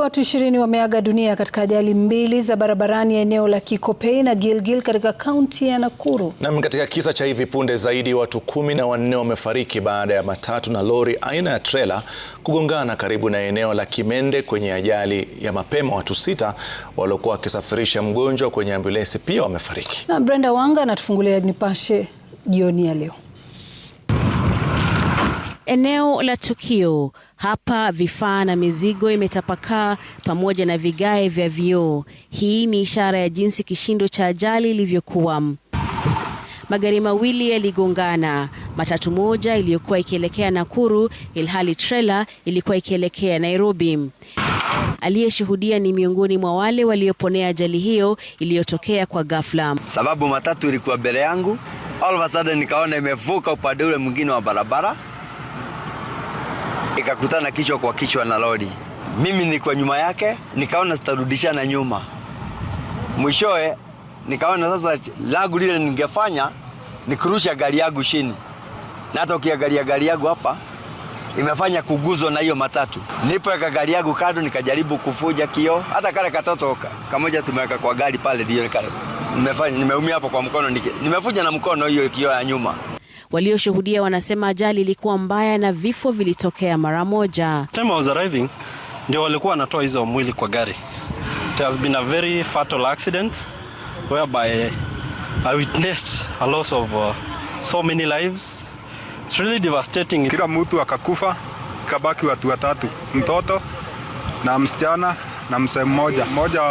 watu ishirini wameaga dunia katika ajali mbili za barabarani eneo la Kikopey na Gilgil katika kaunti ya Nakuru. Nam, katika kisa cha hivi punde zaidi watu kumi na wanne wamefariki baada ya matatu na lori aina ya trela kugongana karibu na eneo la Kimende kwenye ajali ya mapema. Watu sita waliokuwa wakisafirisha mgonjwa kwenye ambulensi pia wamefariki. Na Brenda Wanga anatufungulia Nipashe jioni ya leo. Eneo la tukio hapa, vifaa na mizigo imetapakaa pamoja na vigae vya vioo. Hii ni ishara ya jinsi kishindo cha ajali ilivyokuwa. Magari mawili yaligongana, matatu moja iliyokuwa ikielekea Nakuru ilhali trela ilikuwa ikielekea Nairobi. Aliyeshuhudia ni miongoni mwa wale walioponea ajali hiyo iliyotokea kwa ghafla. Sababu matatu ilikuwa mbele yangu, all of a sudden nikaona imevuka upande ule mwingine wa barabara ikakutana kichwa kwa kichwa na lori. Mimi nilikuwa nyuma yake, nikaona sitarudishana nyuma. Mwishowe nikaona sasa lagu lile ningefanya nikurusha kurusha gari yangu chini, na hata ukiangalia gari yangu hapa imefanya kuguzwa na hiyo matatu. Nilipoweka gari yangu kando, nikajaribu kufuja kio, hata kale katoto kamoja tumeweka kwa gari pale ndio kale nimefanya, nimeumia hapo kwa mkono, nimefuja na mkono hiyo kio ya nyuma. Walioshuhudia wanasema ajali ilikuwa mbaya na vifo vilitokea mara moja. Time I was arriving ndio walikuwa wanatoa hizo mwili kwa gari. There has been a very fatal accident whereby I witnessed a loss of uh, so many lives. It's really devastating. Kila mtu akakufa, ikabaki watu watatu, mtoto na msichana na msee mmoja. Mmoja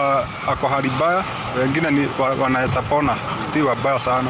ako hali mbaya, wengine ni wanaweza pona, si wabaya sana.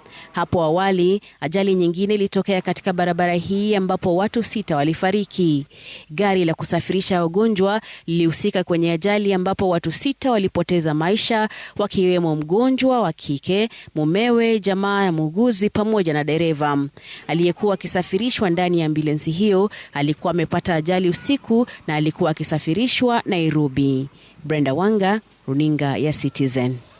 Hapo awali ajali nyingine ilitokea katika barabara hii ambapo watu sita walifariki. Gari la kusafirisha wagonjwa lilihusika kwenye ajali ambapo watu sita walipoteza maisha, wakiwemo mgonjwa wa kike, mumewe, jamaa na muuguzi pamoja na dereva. Aliyekuwa akisafirishwa ndani ya ambulensi hiyo alikuwa amepata ajali usiku na alikuwa akisafirishwa Nairobi. Brenda Wanga, Runinga ya Citizen.